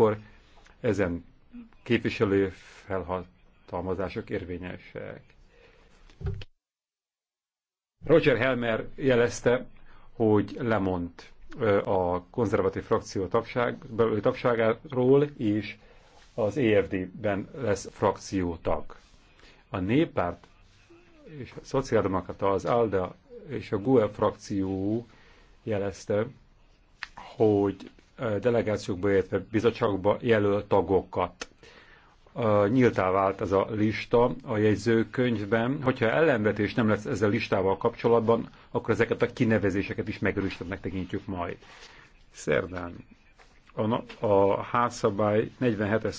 akkor ezen képviselő felhatalmazások érvényesek. Roger Helmer jelezte, hogy lemond a konzervatív frakció tagság, belőli tagságáról, és az EFD-ben lesz frakciótag. A néppárt és a szociáldemokrata, az ALDA és a GUE frakció jelezte, hogy delegációkba, illetve bizottságokba jelölt tagokat. Nyíltá vált ez a lista a jegyzőkönyvben. Hogyha ellenvetés nem lesz ezzel a listával kapcsolatban, akkor ezeket a kinevezéseket is megerősítettnek tekintjük majd. Szerdán a, a házszabály 47-es